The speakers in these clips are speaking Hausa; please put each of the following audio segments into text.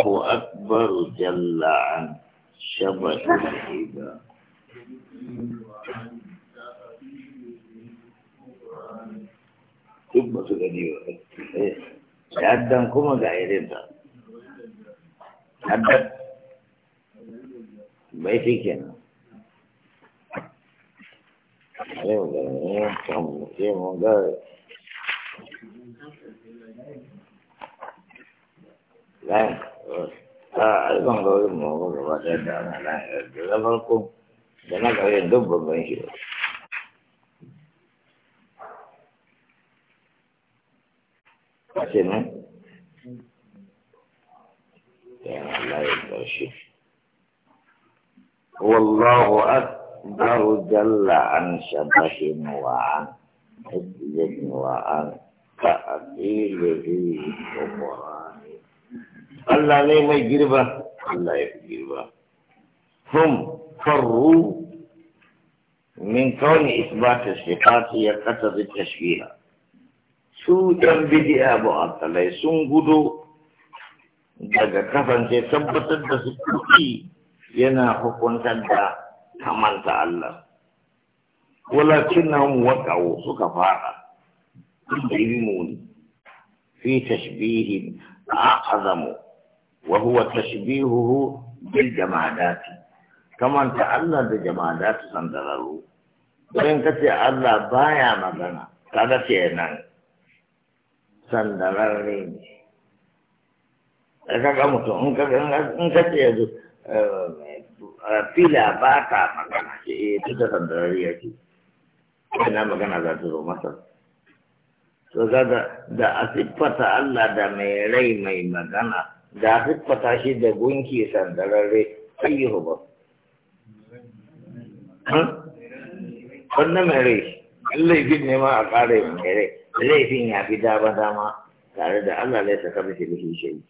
الله أكبر جل عن شبك الحذاء ثم تغني وأكبر يعدن كما غيرين عدن بيتي كنا Thank you. أيضاً لو يمر وقت ما لا يدبركم لنقع يدب من شيء أحسن يعني لا يقدر شيء والله أكبر جل عن شبه وعن حجة وعن تأثير به كبران الله لا مې ګربا الله یې ګربا هم فروا من كون اثبات الصفات هي كتب التشبيه سو تم بدي ابو عبد الله سون غدو جاجا كفن سي ثبت الدسكوتي ينا حكم تدا كمان تعلم ولكنهم وقعوا سكفارا في تشبيه اعظم وهو تشبيهه بالجمادات كما أنت الله بجمادات سندرارو وإن كتي الله بايا مدنا كذا شيئا sandararre ne da mutum in ka ce yanzu eh, fila ba ta magana ce eh ta sandarari ya ce magana za ta zo masa to kaga da a siffata Allah da mai rai mai magana da siffata shi da gunki sandararre ayyuhu ba wannan mai rai laifin ne ma a ƙara yin mai rai laifin ya fi dama dama tare da Allah ne saka mishi bihi shayi.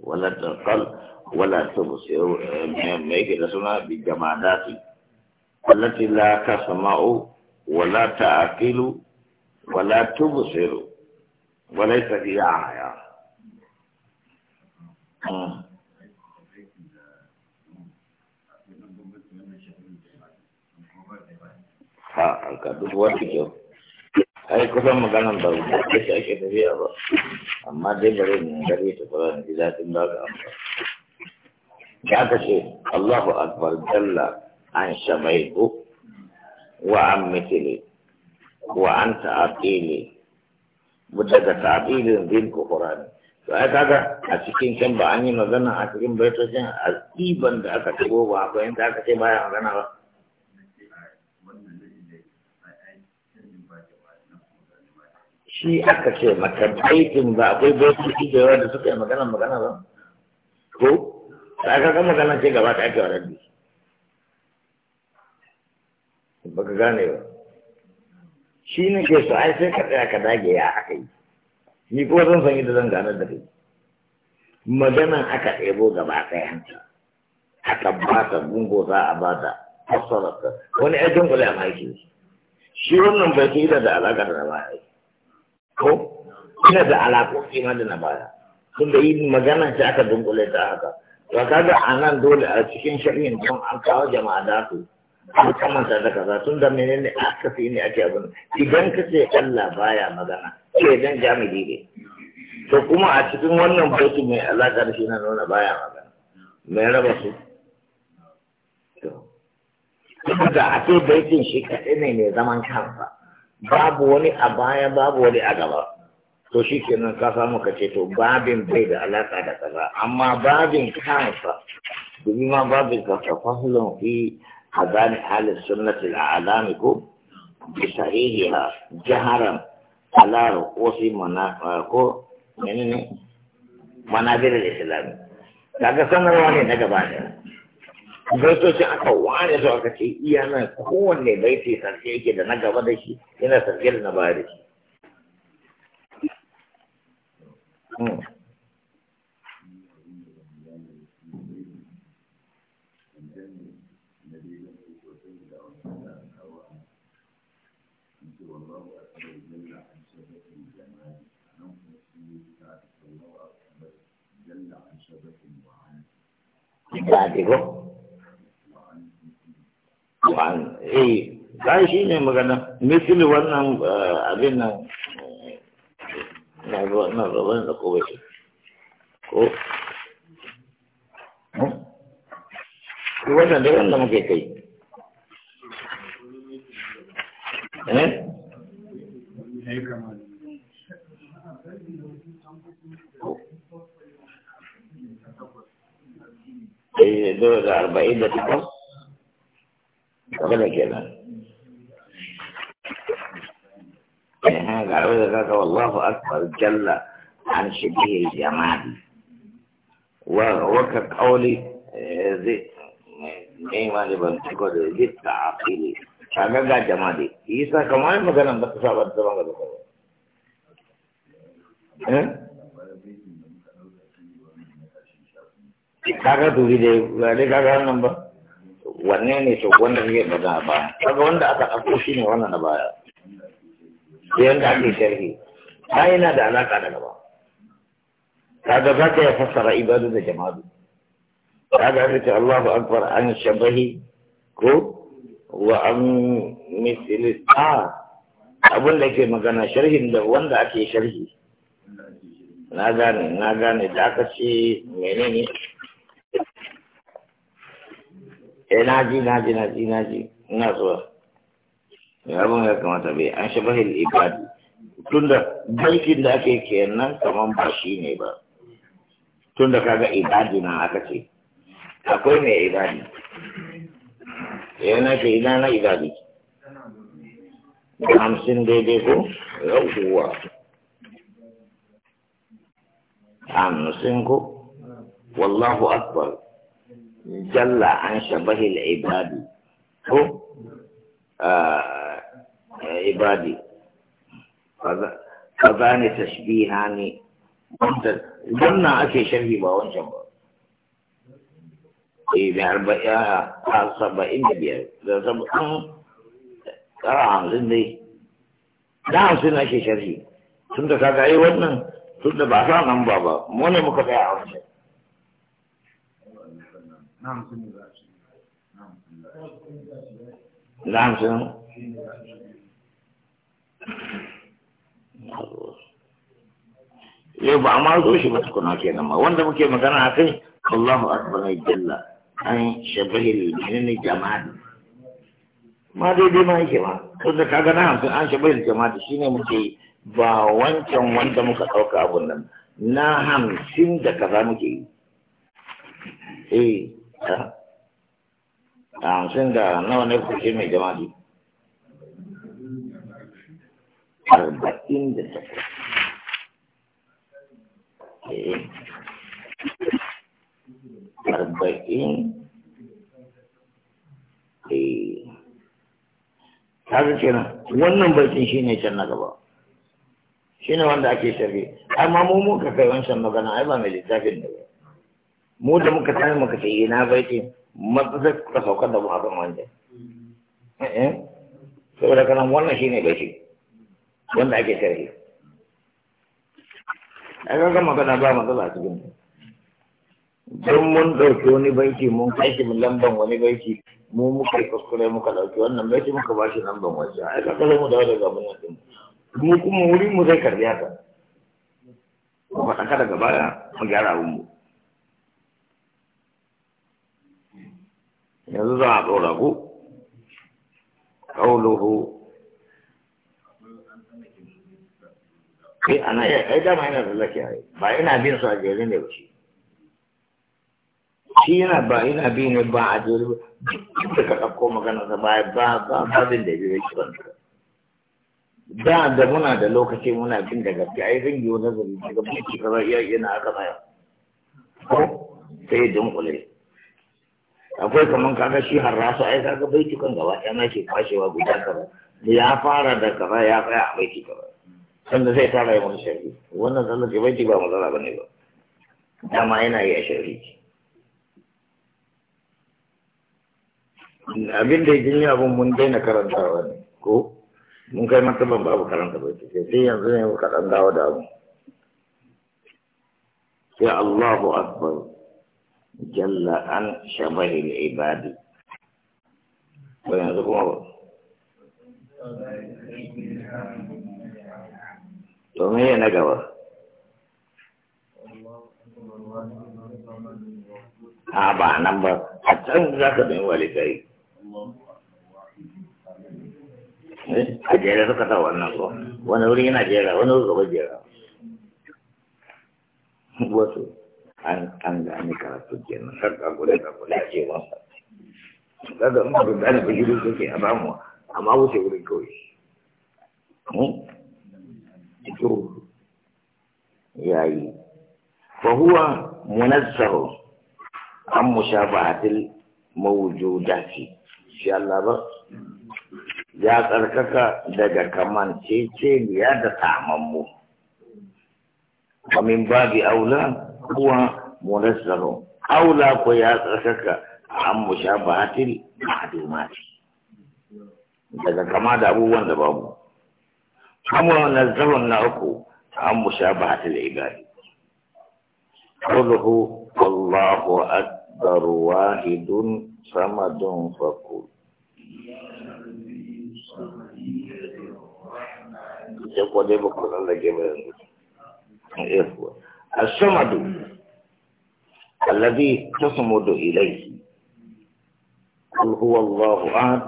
wala taqal wala ta tubsir eh, mai yake suna bi jamadati allati la tasma'u wala ta ta'qilu wala ta tubsiru وليس في يعيا آه. ها الكابوس واتيكو هاي كلهم مكانهم بعوض بس هاي كده فيها با أما ده برين بري تقولان إذا تندعك أمر كذا شيء الله أكبر جل عن شبيبه وعمتي مثله وعن تعطيله daga tabirin bin kukurani to ai kaga a cikin can ba an yi magana a cikin baitocin a ɗiban da aka tabo ba akwai inda aka ce baya magana ba shi aka ce maka baitin ba akwai baitoci da yawa da suka yi magana magana ba ko ta kaga magana ce gaba ta ake wa rabbi ba ka gane ba shi ne ke so ai sai ka tsaya ka dage ya aka yi ni kuma zan san yadda zan gane da kai maganan aka ɗebo gaba ɗaya aka ba ta gungo za a ba ta fassararta wani ya dunkule a maki shi wannan bai sai da alaƙa da na baya ko ina da alaƙoƙi ma da na baya da yi magana ce aka dunkule ta haka to kaga a nan dole a cikin shirin don an kawo jama'a da su an kamanta da kaza tun da menene aka fi ne ake abin idan ka ce Allah baya magana ke dan jami'i ne to kuma a cikin wannan bautu mai alaka da shi na nuna baya magana mai raba su to da a ce baitin shi kaɗai ne mai zaman kansa babu wani a baya babu wani a gaba to shi kenan ka samu ka ce to babin bai da alaka da kaza amma babin kansa domin ma babin kansa fasulun fi hazani ahalin sunnati al’adamiku bi sahihiha jiharan alaru ko si manabirin islami daga sanarwa ne na gaba ne gaskoci aka ware zuwa aka ce iya nan kowanne bai ce sarki yake da na gaba da shi yana sarki da na baya daɗi ko wa'an eh ne magana misali wannan eh, abin nan na ko shi hmm? kai eh إيه، دول أربعين دقيقة قبل كده هذا عبد ذاك والله أكبر جل عن شبيه الجمال وكقولي ذي زيت بنتقل ذي التعاقيل kaga ga jama'a isa kamar maganan da ta saba da zama kaga dubi da dai kaga nan ba wanne ne to wanda kake magana ba kaga wanda aka ɗauko shi ne wannan na baya sai yanda ake sharhi ba yana da alaƙa da gaba kaga za ka ya fassara ibadu da jama'u kaga aka ce Allahu akbar an shabahi ko wa an misli a abin da ke magana sharhin da wanda ake sharhi na gane na gane da aka ce menene eh na ji na ji na ji na ji ina zuwa abin ya kamata bai an shi bahil ibadi tunda bankin da ake kenan kaman ba shi ne ba tunda kaga ibadi na aka ce akwai mai ibadi yana ce ina na ibadi hamsin daidai ko yawuwa hamsin ko wallahu akbar جل عن شبه العباد هو آه، عبادي فذان تشبيهان منتظر قلنا أكي شبه باون شبه في بحرب يا صبا إن بيار صبا أم آه، ترى عن زندي نعم سنة شيء شرعي سنة كذا أي ودنا سنة بعثنا نم بابا مونا مكفي عن شيء نعم شنو yau ba a ma zo shi ba tukuna kenan ma wanda muke magana a kai Allahu akbar jalla an shabahil menene jama'a ma daidai ma yake ma to da kaga na hamsin an shabahil jama'a shine muke ba wancan wanda muka ɗauka abun nan na hamsin da kaza muke yi eh a hamsin da nawa ne kuke mai jama'a? arba'in da takwas arba'in kaga kenan wannan baitin shine can na gaba shine wanda ake tafi amma mu muka kai wancan magana ai ba mai littafin da ba mu da muka tashi muka ce na baiti matsasar ka saukar da mu akan wanda eh, eh. saboda kanan wannan ne baiti wanda ake sharhi a kaga magana ba matsala a cikin don mun ɗauki wani baiti mun kai shi lamban wani baiti mu muka yi kuskure muka ɗauki wannan baiti muka ba shi lamban wancan a ka kaza mu dawo daga abin nan mu kuma wuri mu zai karbi haka mu faɗaka daga baya mu gyara abin mu yanzu za a ɗora ku ƙauluhu kai ana ya kai dama yana da a ba ina bin su a jere ne ba shi shi yana ba ina bi ne ba a jere ba duk da ka ɗauko magana ta ba ba ba ba bin da jere shi kanta da da muna da lokaci muna bin da gaske ai zan yi wani zari daga mutu kaza iya yana aka tsaya sai dunkule akwai kaman kaga shi har ai kaga kan gaba ɗaya na kwashewa guda kaza da ya fara da kaza ya tsaya a baiti kaza sanda zai tara yi wani shari wannan tsallake baiti ba matsala ba ne ba dama yana yi a sharhi abin da ya jin abin mun daina karantawa ne ko mun kai martaban babu karanta baiti sai yanzu ne kaɗan ɗan dawo da abu ya Allahu Akbar jalla an shabahil ibadi ko yanzu kuma ba Domin me na gaba a ba nan ba a can za ka bin walidai a jere suka ta wannan ko wani wuri yana jera wani wuri gaba jera wasu an an gane karatu kenan har ka gole ka gole a ce wasa daga in ba gane ba gidan kake a bamu amma wuce wurin kawai hmm? to yayi fa huwa munazzahu an mushabahatil mawjudati insha Allah ba ya tsarkaka daga kamance ce biya da tamammu wa min babi aula هو منزل أولى قياس شك عن مشابهة المعلومات daga kama da abubuwan da babu amuran nazarin na uku an mushabahat al-ibadi qawluhu wallahu akbar wahidun samadun fakul sai ko dai ba ku lallage ba yanzu الصمد الذي تصمد إليه قل هو الله أحد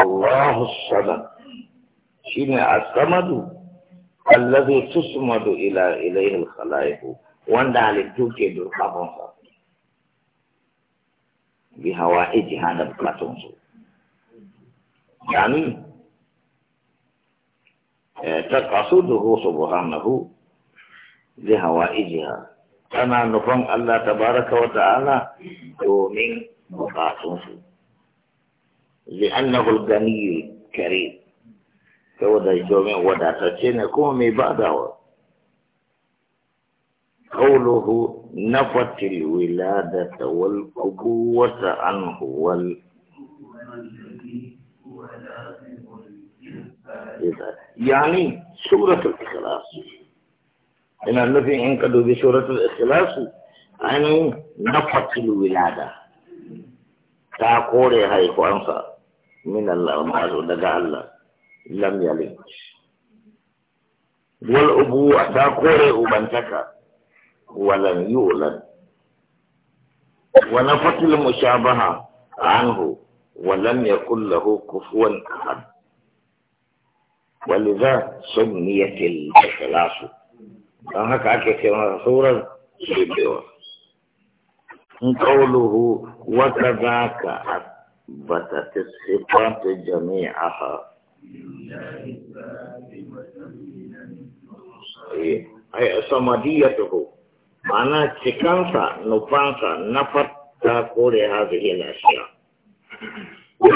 الله الصمد شين الصمد الذي تصمد إلى إليه الخلائق وان على توكيد الخبر بهوائجها نبقتهم يعني تقصده سبحانه بهوائجها أنا نفهم الله تبارك وتعالى دومين مقاصنه لأنه الغني الكريم فوضع يجومي ودا تشين كومي بعده قوله نفت الولادة والقبوة عنه وال يعني سورة ina nufin in ka dubi suratul ikhlasu ainihin na fatilu wilada ta kore haihuwansa min Allah mazo daga Allah lam yalid wal ubuwa ta kore ubantaka walan yulad wa nafatil mushabaha anhu ولم يكن له كفوا احد ولذا سميت الاخلاص don haka ake ce wani sauran shekewa in kauluhu wata za ka bata ta jami'a ha eh, ai sama diya ta ko mana cikansa nufansa na fata kore ha zai na shiya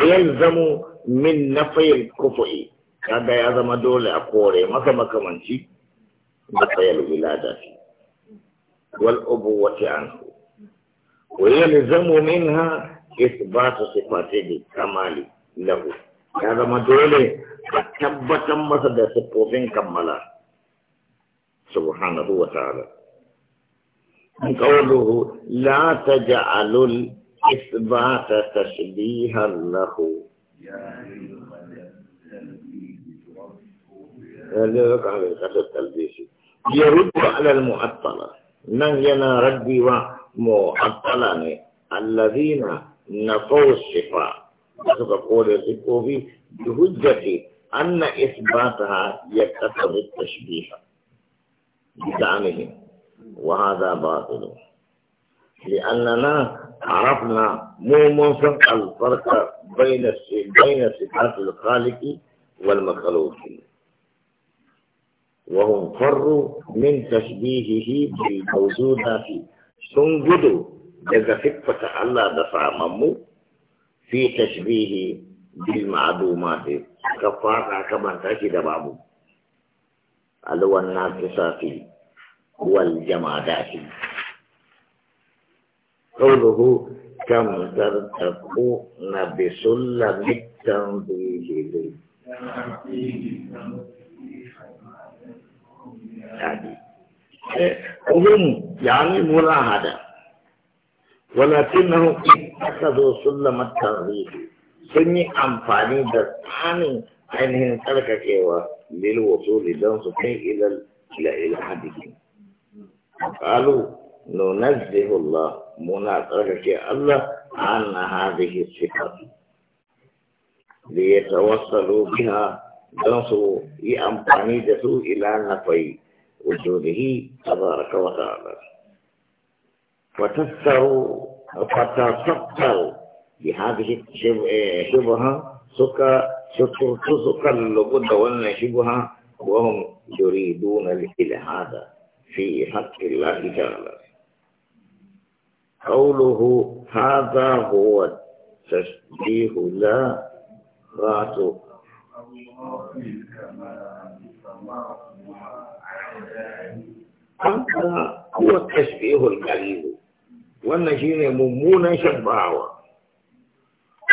yan zamu min na fayin kufa'i kada ya zama dole a kore maka makamanci بقي الولادة والأبوة عنه ويلزم منها إثبات صفاته الكمال له هذا ما دولي تثبت مصدر سبوفين كمالا سبحانه وتعالى قوله لا تجعل الإثبات تشبيها له يا أيها التلبيس يرد على المعطلة من ينا ردي ومعطلة الذين نفوا الشفاء هذا قول سكوفي بحجة أن إثباتها يكتب التشبيه بزعمهم وهذا باطل لأننا عرفنا مو منفق الفرق بين بين صفات الخالق والمخلوق وهم فروا من تشبيهه بالموجودات sun gudu daga siffata Allah da samammu fi tashbihi bil ma'dumati ka fara ka banta shi da babu alwan nafisati wal jamadati qawluhu kam tartaqu nabisullam tanzihi Eh, ubin ya ni mura hada wala tinna hukun aka zo sulla matarri sun yi amfani da tsanin ainihin tsarkakewa lil wasu lidan su kai ilal ila ila hadiki kalu no nazdihullah muna tsarkake Allah anna hadiki sifatu li yatawassalu biha dan su yi amfani da su ila nafai وجوده تبارك وتعالى وتسروا فتصدروا بهذه الشبهة سكا شكر تسكا لقد وأن شبهة وهم يريدون هذا في حق الله تعالى قوله هذا هو التشبيه لا غاتب هذا هو التشبيه القليل والنجين ممونا شبعوا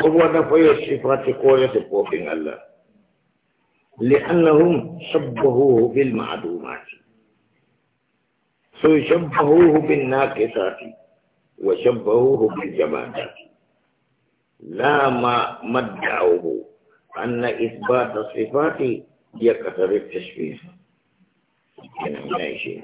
هو نفي الصفات قولة بوكين الله لأنهم شبهوه بالمعدومات فشبهوه بالناقصات وشبهوه بالجمادات لا ما مدعوه أن إثبات الصفات يكثر التشبيه Can I mention?